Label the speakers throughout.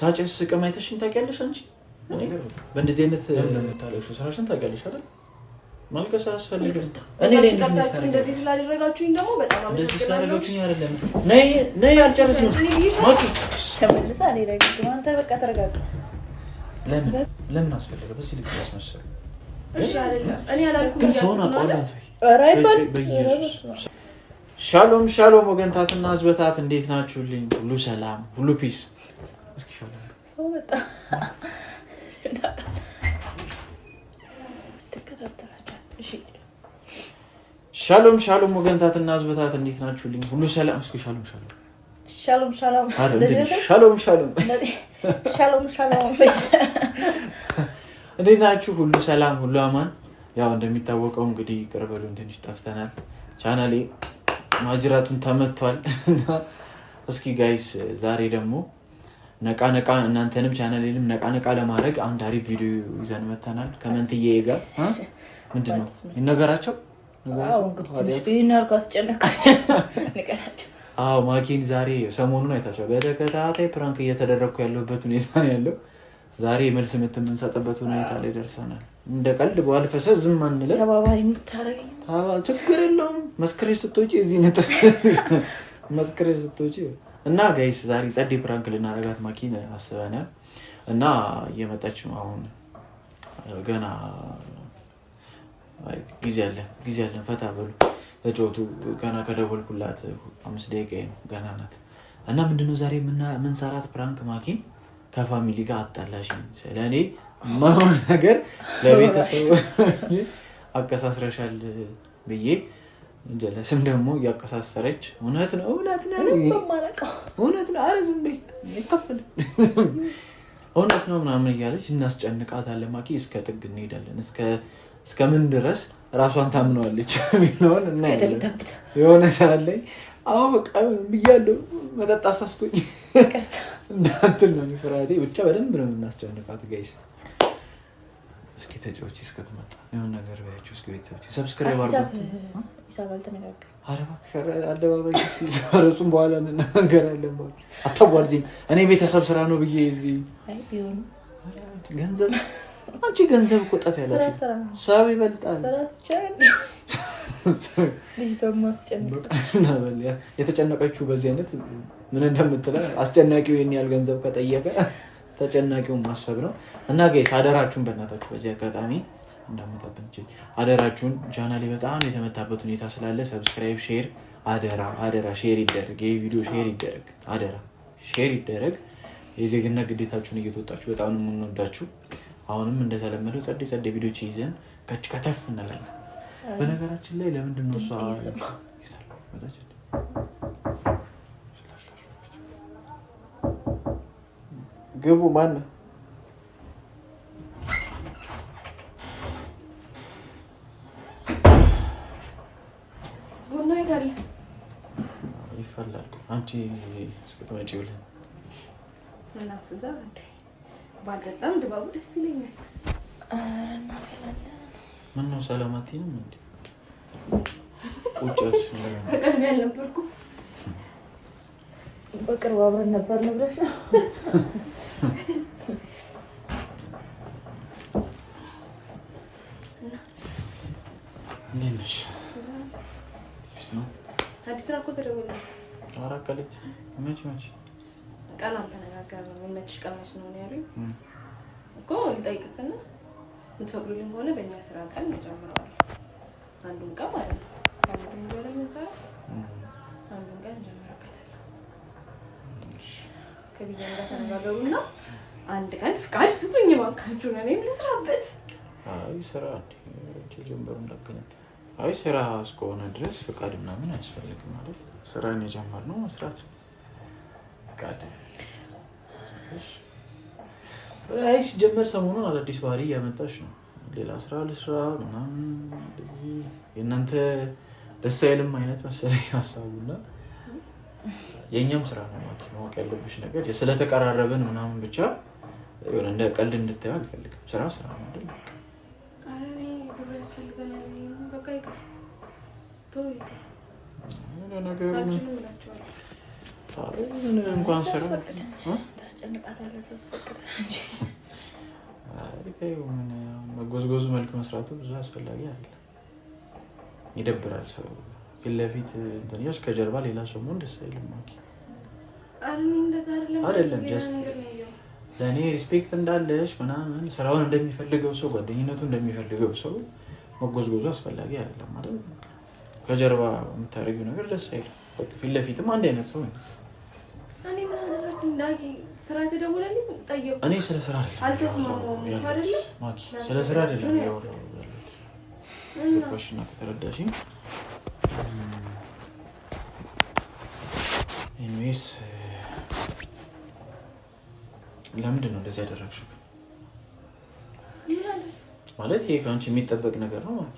Speaker 1: ሳጭስ ስቅም አይተሽኝ ታውቂያለሽ? አንቺ በእንደዚህ አይነት እንደምታለቅሺው ስራሽን ታውቂያለሽ አይደል? ማልቀስ አያስፈልግም። እኔ ላይ እንደዚህ ስላደረጋችሁኝ ደግሞ በጣም አመሰግናለሁ። አይደለም ነይ ነይ፣ አልጨርስም። ተመልሳ እኔ ላይ አንተ በቃ ተረጋጋ። ለምን ለምን አስፈለገ በዚህ ልክ ያስመሰሉ ግን ሰውን አቋላት ሻሎም ሻሎም፣ ወገንታትና ህዝበታት እንዴት ናችሁልኝ? ሁሉ ሰላም፣ ሁሉ ፒስ ሻሎም ሻሎም ወገንታትና ህዝበታት እንዴት ናችሁልኝ? ሁሉ ሰላም? እስኪ ሻሎም ሻሎም
Speaker 2: ሻሎም ሻሎም
Speaker 1: ሻሎም ሻሎም እንዴት ናችሁ? ሁሉ ሰላም፣ ሁሉ አማን። ያው እንደሚታወቀው እንግዲህ ቅርበሉን ትንሽ ጠፍተናል። ቻናሌ ማጅራቱን ተመቷል እስኪ ጋይስ ዛሬ ደግሞ ነቃ ነቃ እናንተንም ቻናሌንም ነቃ ነቃ ለማድረግ አንድ አሪፍ ቪዲዮ ይዘን መተናል። ከመንትዬ ጋር ምንድን ነው ይነገራቸው ማኪን ዛሬ ሰሞኑን አይታቸው በተከታታይ ፕራንክ እየተደረግኩ ያለበት ሁኔታ ነው ያለው። ዛሬ መልስ ምት የምንሰጥበት ሁኔታ ላይ ደርሰናል። እንደ ቀልድ በዋልፈሰ ዝም አንለ ችግር የለውም መስክሬ ስቶጪ እዚህ ነጥ መስክሬ ስቶጪ እና ጋይስ ዛሬ ጸዴ ፕራንክ ልናረጋት ማኪን አስበናል እና እየመጣች አሁን ገና ጊዜ አለን ጊዜ አለን፣ ፈታ በሉ ተጫወቱ። ገና ከደወልኩላት አምስት ደቂቃ ነው ገና ናት። እና ምንድነው ዛሬ ምንሰራት ፕራንክ ማኪን ከፋሚሊ ጋር አጣላሽ ስለእኔ መሆን ነገር ለቤተሰቡ አቀሳስረሻል ብዬ ጀለስም ደግሞ እያቀሳሰረች እውነት ነው እውነት ነው እውነት ነው፣ አረ ዝም በይ ይከፍል እውነት ነው ምናምን እያለች እናስጨንቃታለን። ማኪ እስከ ጥግ እንሄዳለን። እስከ ምን ድረስ ራሷን ታምነዋለች የሚለውን የሆነ ሰዓት ላይ አሁን በቃ ብያለሁ መጠጥ አሳስቶኝ እንዳትል ነው ፍርሃቴ። ብቻ በደንብ ነው የምናስጨንቃት ጋይስ እስኪ ተጫዎች እስከትመጣ የሆነ ነገር በያቸው። እስኪ ቤተሰብ ሰብስክራይብ አደባባይ እሱም በኋላ እንናገራለን። አታቧልኝ። እኔ ቤተሰብ ስራ ነው ብዬ እዚህ ገንዘብ አንቺ ገንዘብ እኮ ጠፍ ያለ ሰው ይበልጣል። የተጨነቀችው በዚህ አይነት ምን እንደምትለ አስጨናቂው ይህን ያህል ገንዘብ ከጠየቀ ተጨናቂውን ማሰብ ነው እና ጋይስ አደራችሁን በእናታችሁ በዚህ አጋጣሚ እንዳመጣብን ችል አደራችሁን ላይ በጣም የተመታበት ሁኔታ ስላለ ሰብስክራይብ፣ ሼር አደራ አደራ ሼር ይደረግ። ይህ ቪዲዮ ሼር ይደረግ። አደራ ሼር ይደረግ። የዜግና ግዴታችሁን እየተወጣችሁ በጣም የምንወዳችሁ አሁንም እንደተለመደው ጸደ ጸደ ቪዲዮች ይዘን ከች ከተፍ እንላለን። በነገራችን ላይ ለምንድን ነው እሷ ግቡ ማን ቡና ይታል ይፈላል። አንቺ እስክትመጪ ብለን
Speaker 2: ባልጠጣም ድባቡ ደስ ይለኛል።
Speaker 1: ምነው ሰላማቲንም እንደ
Speaker 2: ቁጭ ያልሽ በቀድሜ በቅርቡ አብረን ነበር ንብረት ነው መች መች ቀን አልተነጋገርንም። የሚመችሽ ቀን መች ነው ያሉኝ እኮ የምትፈቅዱልኝ ከሆነ በእኛ ስራ ቀን እንጀምረዋለን። አንዱን ቀን ማለት ነው አንዱን ቀን እንጀምርበታለን። ጋር ተነጋገሩና አንድ ቀን ፍቃድ ስጡኝ እባካችሁ፣ እኔም ልስራበት።
Speaker 1: አይ ስራ ጀምበሩ አይ ስራ እስከሆነ ድረስ ፍቃድ ምናምን አያስፈልግም ማለት ስራን የጀመርነው መስራት አይ ሲጀመር ሰሞኑን አዳዲስ ባህሪ እያመጣች ነው። ሌላ ስራ ልስራ ምናምን የእናንተ ደስ አይልም አይነት መሰለኝ ሀሳቡና የእኛም ስራ ነው ማወቅ ያለብሽ ነገር ስለተቀራረብን ምናምን ብቻ እንደ ቀልድ እንድታየው አልፈልግም። ስራ ስራ ነው። መጎዝጎዙ መልክ መስራቱ ብዙ አስፈላጊ አይደለም። ይደብራል። ሰው ፊት ለፊት እንትንያች ከጀርባ ሌላ ሰው መሆን ደስ አይልም። አይደለም ለእኔ ሪስፔክት እንዳለሽ ምናምን ስራውን እንደሚፈልገው ሰው ጓደኝነቱ እንደሚፈልገው ሰው መጎዝጎዙ አስፈላጊ አይደለም። ከጀርባ የምታደርጊው ነገር ደስ አይልም። ፊት ለፊትም አንድ አይነት ሰው ነው። እኔ ስለ ስራ ስለ ስራ አይደለም እና ከተረዳሽኝ ኤኒዌይስ ለምንድን ነው እንደዚህ ያደረግሽው? ማለት ይሄ ከአንቺ የሚጠበቅ ነገር ነው ማለት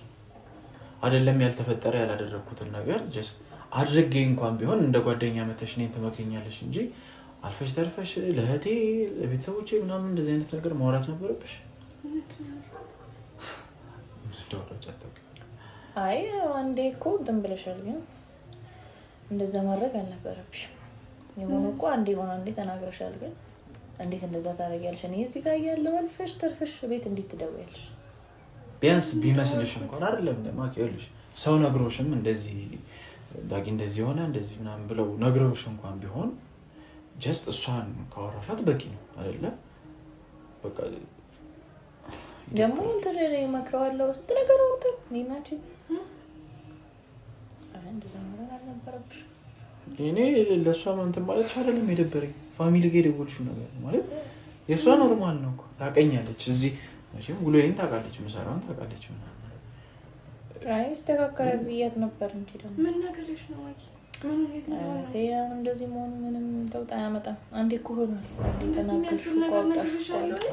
Speaker 1: አይደለም። ያልተፈጠረ ያላደረግኩትን ነገር ጀስት አድርጌ እንኳን ቢሆን እንደ ጓደኛ መተሽ እኔን ትመክኛለሽ እንጂ አልፈሽ ተርፈሽ ለእህቴ ለቤተሰቦቼ ምናምን እንደዚህ አይነት ነገር ማውራት ነበረብሽ።
Speaker 2: አይ አንዴ እኮ እንትን ብለሻል፣ ግን እንደዛ ማድረግ አልነበረብሽ። የሆነ እኮ አንዴ የሆነ አንዴ ተናግረሻል፣ ግን እንዴት እንደዛ ታደርጊያለሽ? እኔ እዚህ ጋር እያለሁ አልፈሽ ተርፈሽ ቤት እንዴት ትደውያለሽ?
Speaker 1: ቢያንስ ቢመስልሽ እንኳን አይደለም ደማቂልሽ ሰው ነግሮሽም እንደዚህ ዳጊ እንደዚህ የሆነ እንደዚህ ምናምን ብለው ነግረውሽ እንኳን ቢሆን ጀስት እሷን ካወራሻት በቂ ነው አይደለ? በቃ
Speaker 2: ደግሞ እንትን እመክረዋለሁ ስንት ነገር ወጥተን ናችን
Speaker 1: እኔ ለእሷ እንትን ማለት አይደለም የደበረኝ። ፋሚሊ ጋ የደወልሽው ነገር ማለት የእሷ ኖርማል ነው። ታቀኛለች እዚህ መቼም ውሎዬን ታውቃለች፣ ምሰራውን ታውቃለች። ምናምን
Speaker 2: አይ ስተካከለ ብያት ነበር እንጂ ደግሞ ምን ነገርሽ ነው ያው እንደዚህ መሆኑ ምንም ለውጥ አያመጣም። አንዴ እኮ ሆኗል።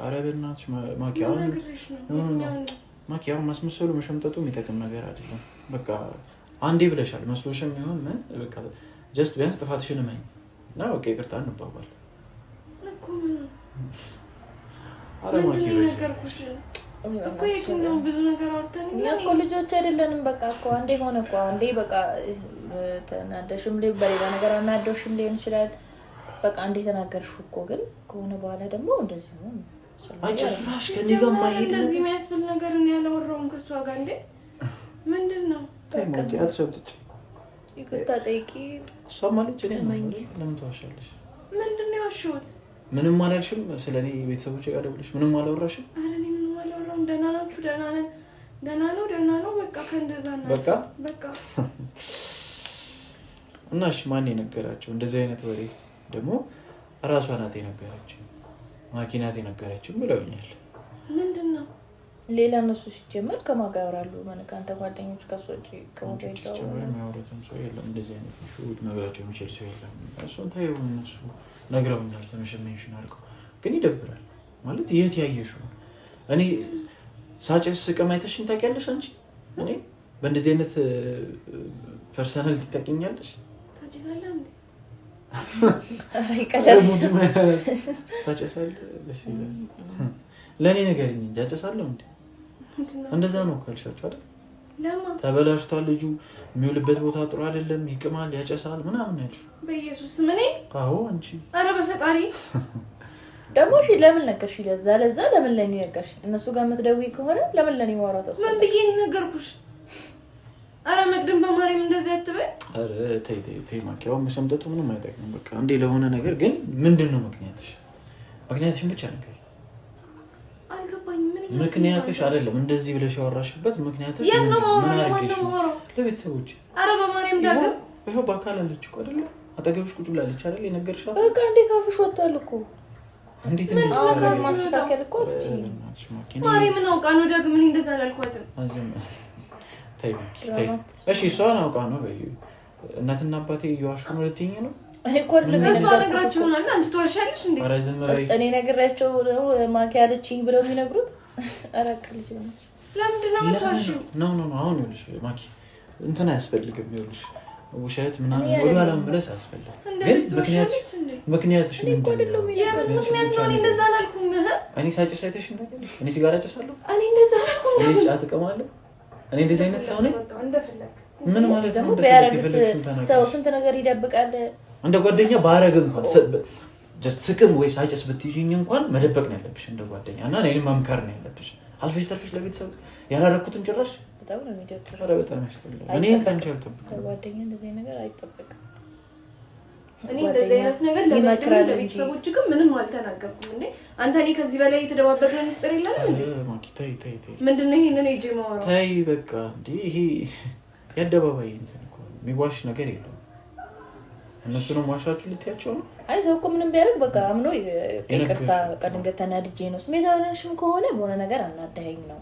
Speaker 1: ኧረ በእናትሽ ማኪያውን ማስመሰሉ መሸምጠጡ የሚጠቅም ነገር አይደለም። በቃ አንዴ ብለሻል መስሎሽም ይሆን ምን በቃ ጀስት ቢያንስ ጥፋትሽን እመኝ እና በቃ ይቅርታ እንባባል።
Speaker 2: ኧረ ማኪ እኮ ልጆች አይደለንም። በቃ እኮ አንዴ ሆነ እኮ አንዴ በቃ ተናደሽም ሊሆን በሌላ ነገር አናደሽም ሊሆን ይችላል። በቃ እንደ የተናገርሽው እኮ ግን ከሆነ በኋላ ደግሞ እንደዚህ ነው
Speaker 1: እንደዚህ
Speaker 2: የሚያስብል ነገር ያለወራውን ከእሷ ጋር እንዴ ምንድን ነው አትሸምጥጭ ይቅርታ ጠይቂ።
Speaker 1: እሷ ማለች ለምን
Speaker 2: ተዋሻለሽ? ምንድን ነው የዋሸሁት?
Speaker 1: ምንም አላልሽም። ስለ እኔ ቤተሰቦች ጋር ደውለሽ ምንም አላወራሽም?
Speaker 2: ኧረ እኔ ምንም አላወራሁም። ደህና ናችሁ? ደህና ነን። ደህና ነው፣ ደህና ነው። በቃ ከእንደዛ ነው በቃ በቃ
Speaker 1: እና እሺ ማን የነገራቸው እንደዚህ አይነት ወሬ ደግሞ እራሷ ናት የነገራችን ማኪናት የነገራችን ብለውኛል።
Speaker 2: ምንድን ነው ሌላ እነሱ ሲጀመር ከማጋራሉ ከአንተ ጓደኞች ከሶጭ
Speaker 1: ከሚያወሩትም ሰው የለም። እንደዚህ አይነት ውድ የሚችል ሰው የለም። እሱን ታየ እነሱ ነግረውኛል። ተመሸመንሽን አድርገው ግን ይደብራል ማለት የት ያየሽው እኔ ሳጭስ ስቅም አይተሽን ታውቂያለሽ አንቺ እኔ በእንደዚህ አይነት ፐርሰናል ትጠቅኛለሽ ታጨሳለሽ? ለእኔ ንገሪኝ እንጂ አጨሳለሁ እንዴ? እንደዛ ነው ካልሻችሁ አይደል? ለማ ተበላሽቷል። ልጁ የሚውልበት ቦታ ጥሩ አይደለም፣ ይቅማል፣ ያጨሳል ምናምን ያልሽ።
Speaker 2: በኢየሱስ ምን? አዎ አንቺ። አረ በፈጣሪ ደግሞ እሺ፣ ለምን ነገርሽ? ለዛ ለዛ ለምን ለእኔ ነገርሽ? እነሱ ጋር የምትደውይ ከሆነ ለምን ለእኔ ማውራት? ምን ብዬሽ ነገርኩሽ? አረ መቅድም በማርያም እንደዚህ አትበል።
Speaker 1: አረ ተይ ተይ ተይ ማኪያው መሸምጠቱ ምንም አይጠቅም። በቃ እንዴ ለሆነ ነገር ግን ምንድን ነው ምክንያትሽ? ምክንያትሽን ብቻ ነገር ምክንያትሽ አይደለም እንደዚህ ብለሽ ያወራሽበት ምክንያትሽ የት ነው? ምን አድርጌሽ ነው? ለቤተሰቦች
Speaker 2: አረ በማርያም ዳግም
Speaker 1: ይኸው በአካል አለች እኮ አይደለ? አጠገብሽ ቁጭ ብላለች አይደል? የነገርሻት
Speaker 2: በቃ እንዴ ካፍሽ ወጣል እኮ እንዴት ማስተካከል እኮ ትችይ ማርያምን አውቃ ነው ዳግም እኔ እንደዛ አላልኳትም።
Speaker 1: እሺ እሷ አውቃ ነው በዩ እናትና አባቴ እየዋሹ ነው ልትይኝ ነው
Speaker 2: እኔ ነግራቸው ማኪ አለችኝ ብለው የሚነግሩት አራቅ
Speaker 1: ነው አሁን ይኸውልሽ ማኪ እንትን አያስፈልግም ይኸውልሽ ውሸት ምናምን ወደኋላ መመለስ አያስፈልግም ግን ምክንያትሽ እኔ ሳጭስ አይተሽ እኔ ሲጋራ ጭሳለሁ እኔ ጫት እቀማለሁ እኔ እንደዚህ አይነት ሰው ነኝ። ምን ማለት
Speaker 2: ነው? ሰው ስንት ነገር ይደብቃል።
Speaker 1: እንደ ጓደኛ ባረግ እንኳን ስቅም ወይ ሳጨስ ብትይዥኝ እንኳን መደበቅ ነው ያለብሽ እንደ ጓደኛ እና እኔን መምከር ነው ያለብሽ። አልፈሽ ተርፈሽ ለቤተሰብ ያላረኩትን ጭራሽ በጣም ያስጠላል። እኔ ከአንቺ አልጠብቅም። ከጓደኛ እንደዚህ ነገር አይጠበቅም።
Speaker 2: እኔ እንደዚህ አይነት ነገር ለመድረግ ለቤተሰቦች ግን ምንም አልተናገርኩም። እንዴ አንተ እኔ ከዚህ በላይ የተደባበቀ ሚስጥር የለም
Speaker 1: እንዴ? ማኪታይ ታይ
Speaker 2: ምንድን ነው ይሄንን እጄ ማወራ
Speaker 1: ታይ በቃ እንዴ ይሄ የአደባባይ እንትን እኮ የሚዋሽ ነገር የለም። እነሱ ነው ዋሻችሁ ልትያቸው ነው።
Speaker 2: አይ ሰው እኮ ምንም ቢያደርግ በቃ አምኖ ይቅርታ ቀድንገት ተናድጄ ነው ስሜት ሆነሽም ከሆነ በሆነ ነገር አናዳኸኝ ነው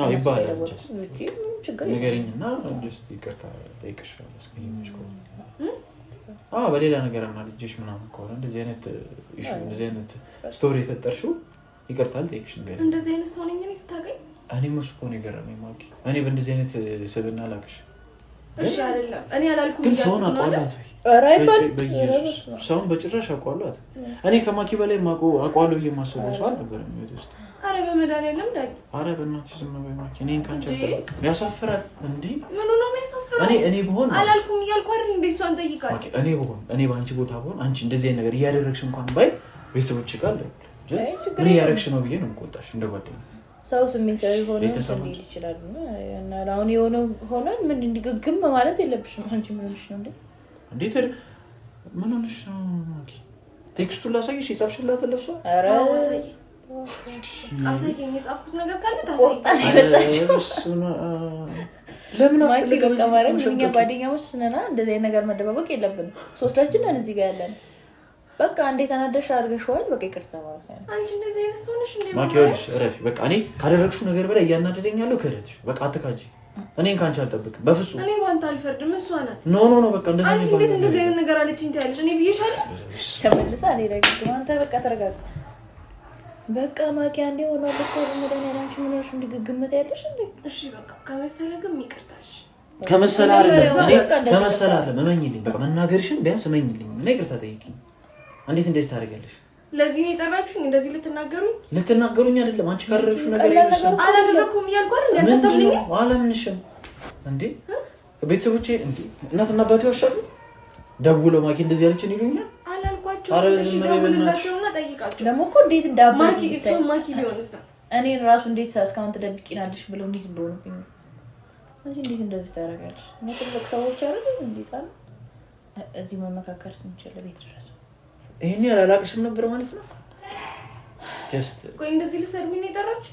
Speaker 1: ነው ይባላል። ንገሪኝና ይቅርታ ጠይቅሻለሁ ከሆነ በሌላ ነገር ልጆች ምናምን ከሆነ እንደዚህ አይነት ኢሹ እንደዚህ አይነት ስቶሪ የፈጠርሽው ይቅርታ አልጠየቅሽ።
Speaker 2: እንደዚህ አይነት ሰው ነኝ ስታገኝ
Speaker 1: እኔ መሱ ከሆነ የገረመኝ ማውቂ እኔ በእንደዚህ አይነት ስብና ላቅሽ ግን ሰውን አውቀዋላት ሰውን በጭራሽ አቋሏት እኔ ከማኪ በላይ አውቀዋለሁ ብዬ የማስበው ሰው አልነበረም ውስጥ
Speaker 2: ኧረ በመድኃኒዓለም ዳጊ፣
Speaker 1: ኧረ በእናትሽ ዝም በይ እባክህ። እኔን ካንቺ ያሳፍራል። እንደ
Speaker 2: ምኑ ነው የሚያሳፍረው?
Speaker 1: እኔ እኔ ብሆን
Speaker 2: አላልኩም እያልኩ አይደል እንደ እሷን ጠይቃለሁ።
Speaker 1: እኔ ብሆን እኔ በአንቺ ቦታ ብሆን አንቺ እንደዚህ አይነት ነገር እያደረግሽ እንኳን ባይ ቤተሰቦች ጋር ምን እያደረግሽ ነው ብዬ ነው የምቆጣሽ እንደ ጓደኛ
Speaker 2: ሰው ስሜታዊ ሆኖ ሊሄድ ይችላል። እና አሁን የሆነ ሆነ ምን እንዲግግም ማለት የለብሽም። አንቺ ምን ሆነሽ ነው? እንዴ?
Speaker 1: እንዴት ምን ሆነሽ ነው? ቴክስቱን ላሳይሽ የጻፍሽላትን ሳይ
Speaker 2: የጻፍኩት ለምን ጓደኛሞች ስንና እንደዚህ ነገር መደባበቅ የለብንም። ሶስታችን ነን እዚህ ጋር ያለን። በቃ ተናደሽ አድርገሽዋል። በቃ ይቅርታ ማለት ነው።
Speaker 1: እረፊ። በቃ እኔ ካደረግሽው ነገር በላይ እያናደደኝ ያለው በቃ አትካጂ። እኔን ከአንቺ አልጠብቅም በፍጹም።
Speaker 2: እኔ በአንተ አልፈርድም፣ እሷ ናት።
Speaker 1: ኖ ኖ ኖ። በቃ እንደዚህ
Speaker 2: አንቺ እንዴት እንደዚህ አይነት ነገር አለችኝ ትያለሽ? እኔ ብዬሻለሁ። ተመልሳ እኔ አንተ በቃ ተረጋጋ በቃ ማኪያ እንዲ ሆኖ ልኮ መዳን ያላንቺ ምኖች እንዲግግምት ያለሽ እንዴ? እሺ በቃ ከመሰለ ግን ይቅርታሽ
Speaker 1: ከመሰለ አይደለም እኔ ከመሰለ አይደለም እመኝልኝ። በቃ መናገርሽን ቢያንስ እመኝልኝ እና ይቅርታ ጠይቂኝ። እንዴት እንደዚህ ታደርጊያለሽ?
Speaker 2: ለዚህ ነው የጠራችሁኝ? እንደዚህ ልትናገሩኝ
Speaker 1: ልትናገሩኝ አይደለም። አንቺ ካደረግሽው ነገር የለሽም።
Speaker 2: አላደረኩም እያልኩ አይደል
Speaker 1: ያልተጠልኝ አላምንሽም። እንዴ ቤተሰቦቼ እንዴ እናትና አባቴ ዋሻሉ። ደውለው ማኪ እንደዚህ ያለችን ይሉኛል።
Speaker 2: አላልኳቸው አረ ዝም ጠይቃቸው። ደግሞ እኮ እንዴት ማኪ ቢሆንስ ነው እኔን ራሱ እንዴት እስካሁን ትደብቂናለሽ ብለው እንዴት እንደሆነብኝ ነው እንጂ እንዴት እንደዚህ ታደርጋለሽ? እኛ ትልቅ ሰዎች አይደል እንዴት እዚህ መመካከር ስንችል ቤት ድረስ
Speaker 1: ይህን ያላላቅሽም ነበር ማለት ነው። ነው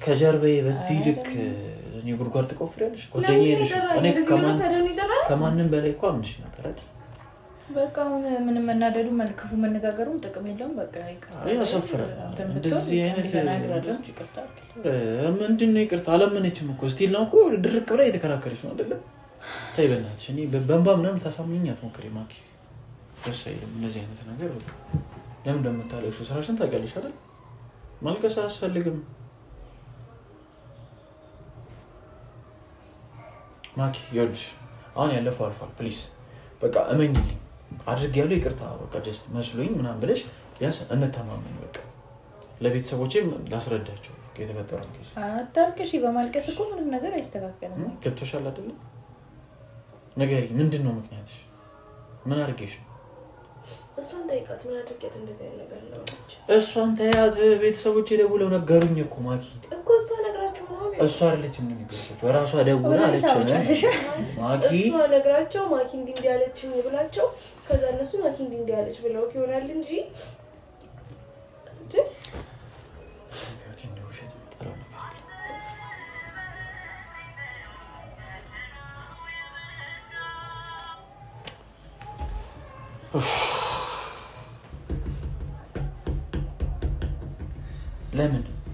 Speaker 1: ከጀርባዬ በዚህ ልክ እኔ ጉድጓድ ትቆፍሪያለሽ። ጓደኛዬ ነሽ። ከማንም በላይ እኮ አምንሽ ነበር አይደል
Speaker 2: በቃ አሁን ምንም መናደዱ መነጋገሩም ጥቅም የለውም። በቃ
Speaker 1: ያሳፍራል። እንደዚህ አይነት ምንድን ነው ይቅርታ እኮ ስቲል ነው እኮ ድርቅ ብላ የተከራከረች ነው አይደለም። ተይ በእናትሽ፣ እኔ በእንባ ምናምን ታሳምኝ አትሞክሪ ማኪ። ደስ አይልም እነዚህ አይነት ነገር። ለምን ስራሽን ታውቂያለሽ አይደል? ማልቀስ አያስፈልግም ማኪ። ይኸውልሽ አሁን ያለፈው አልፏል። ፕሊስ በቃ እመኝልኝ አድርግ ያሉ ይቅርታ በቃ ጀስት መስሎኝ ምናምን ብለሽ ቢያንስ እንተማመን። በቃ ለቤተሰቦቼ ላስረዳቸው የተፈጠረ ኬዝ።
Speaker 2: አታልቅሽ፣ በማልቀስ እኮ ምንም ነገር አይስተካከልም።
Speaker 1: ገብቶሻል አይደለ? ንገሪኝ፣ ምንድን ነው ምክንያትሽ? ምን አድርጌሽ ነው?
Speaker 2: እሷን ጠይቃት። ምን አድርጌት እንደዚህ ነገር ነው?
Speaker 1: እሷን ተያት። ቤተሰቦቼ ደውለው ነገሩኝ እኮ ማኪ
Speaker 2: እኮ እሷ ነግራ
Speaker 1: እሷ አለች የምንገባቸው ራሷ ደውላ አለችን። ማኪ
Speaker 2: እሷ ነግራቸው ማኪ እንዲህ እንዲህ አለችኝ ብላቸው ከዛ እነሱ ማኪ እንዲህ እንዲህ አለች ብለው ይሆናል እንጂ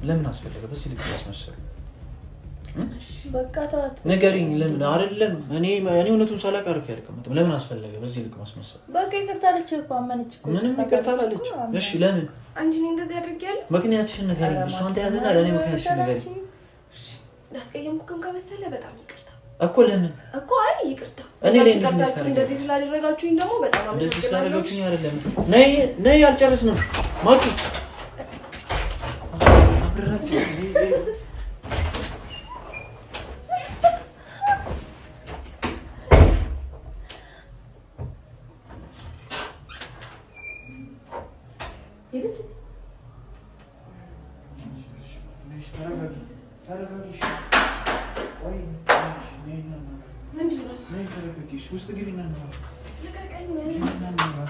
Speaker 1: ለምን አስፈለገ? በዚህ ልክ ያስመሰሉ ንገሪኝ። ለምን አይደለም እኔ እኔ እውነቱን ሳላቅ አርፌ አልቀመጥም። ለምን አስፈለገ በዚህ ልክ ማስመሰል?
Speaker 2: በቃ ይቅርታ አለች እኮ አመነች። እኮ።
Speaker 1: ምንም ይቅርታ አላለች። እሺ ለምን
Speaker 2: አንቺ እኔ እንደዚህ አድርጌያለሁ?
Speaker 1: ምክንያትሽን ንገሪኝ። እሱ አንተ ያዘና ለእኔ ምክንያትሽን ንገሪኝ።
Speaker 2: ያስቀየምኩህም ከመሰለ በጣም ይቅርታ እኮ ለምን እኮ አይ ይቅርታ እኔ ላይ እንደዚህ እንደዚህ
Speaker 1: ስላደረጋችሁኝ ደግሞ በጣም አመሰግናለሁ። እንደዚህ ስላደረጋችሁኝ አይደለም ነይ ነይ አልጨርስንም ማቱ bırak beni. Geri çık. مش مش مش مش مش مش مش مش مش مش مش مش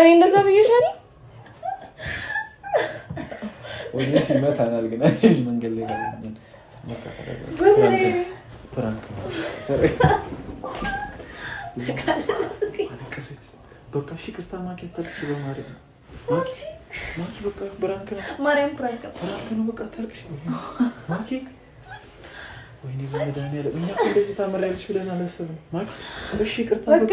Speaker 2: እኔ እንደዛ ብዬሻለሁ።
Speaker 1: በቃ እሺ፣ ቅርታ ማኪ አታልቅሽ። በማርያም ማኪ፣ በቃ ብራንክ ነው። ማርያም ብራንክ ነው። በቃ አታልቅሽ ማኪ። ወይኔ በመድኃኒዓለም እኛ እንደዚህ ታመሪያለሽ ብለን አላሰብንም ማኪ። እሺ፣ ቅርታ በቃ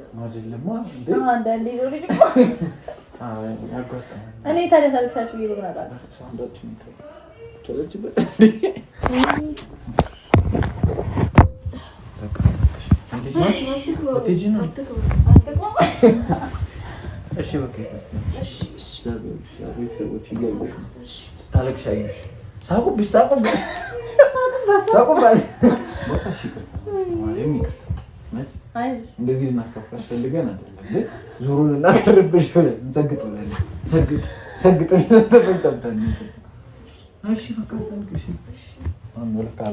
Speaker 1: አይደለማ ሳቁብሽ ሳቁብሽ ሳቁብሽ እንደዚህ ልናስከፋሽ ፈልገን አይደለም፣ ግን ዙሩን እናቀርብሽ ብለን ሰግጥ ብለን ሰግጥ ሰግጥ ብለን እሺ፣ በቃ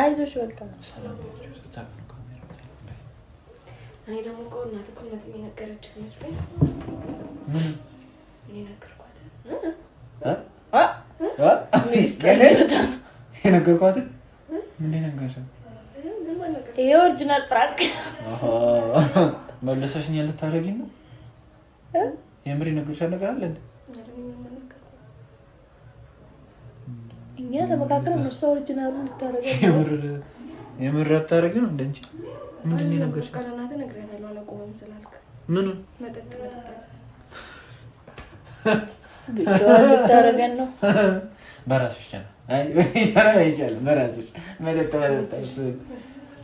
Speaker 2: አይዞሽ በቃ እኔ ደግሞ እኮ እናት እኮ እውነትም የነገረችህ መስሎኝ
Speaker 1: የነገርኳትን
Speaker 2: ይሄ ኦሪጂናል ፕራንክ
Speaker 1: መልሰሽ እኛን ልታደርጊኝ ነው? የምሪ ነገር አለ
Speaker 2: እኛ ተመካከልን። እሷ ኦሪጂናሉ ልታደርጊኝ
Speaker 1: የምር አታደርጊ ነው ነገር እንጂ ምንድን ነው ነገርሽ? ምኑን ብቻዋን ልታደርገን ነው በራስሽ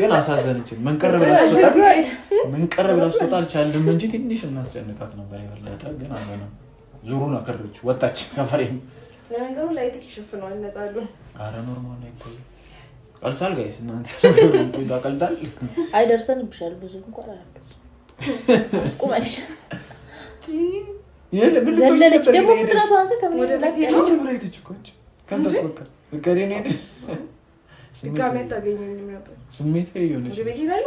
Speaker 1: ግን አሳዘነችን። መንቀር ብላ ስትወጣ አልቻልም እንጂ ትንሽ እናስጨንቃት ነበር። የበለጠ ግን አልሆነ። ዙሩን አከረች፣ ወጣች ከፈሬ
Speaker 2: ለነገሩ ላይት ይሸፍነዋል። ነጻሉ
Speaker 1: አረ ኖርማል ላይ ቀልታል። ጋይስ እናንተ
Speaker 2: ቀልታል። አይደርሰንብሻል ብዙ እንኳን አላገዙ ቁመሽ ዘለለች ደግሞ ፍጥነቱ አንተ ከምን
Speaker 1: ሄደች? ከዛስ በቃ በቃ ሄደች
Speaker 2: ድጋሚ አታገኘኝም
Speaker 1: ነበር። ስሜታዊ የሆነች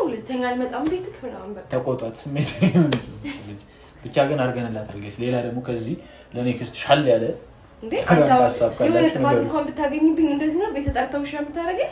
Speaker 2: ሁለተኛ አልመጣም ቤት
Speaker 1: ስሜታዊ የሆነች ብቻ ግን ሌላ ደግሞ ከዚህ ለኔክስት ሻል ያለ
Speaker 2: ሀሳብ ካለ ጥፋት እንኳን ብታገኝብኝ እንደዚህ ነው የምታደርገኝ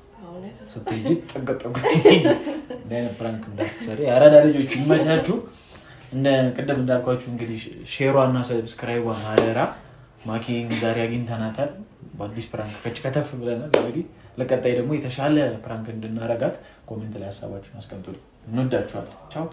Speaker 1: ስትሄጂ ጠገጠጉ እንደ አይነት ፕራንክ እንዳትሰሪ። አራዳ ልጆች ይመቻችሁ። እንደ ቅድም እንዳልኳችሁ እንግዲህ ሼሯ እና ሰብስክራይቧ ማደራ ማኪን ዛሬ አግኝተናታል። በአዲስ ፕራንክ ከች ከተፍ ብለናል። እንግዲህ ለቀጣይ ደግሞ የተሻለ ፕራንክ እንድናረጋት ኮሜንት ላይ ሀሳባችሁን አስቀምጡልኝ። እንወዳችኋለን። ቻው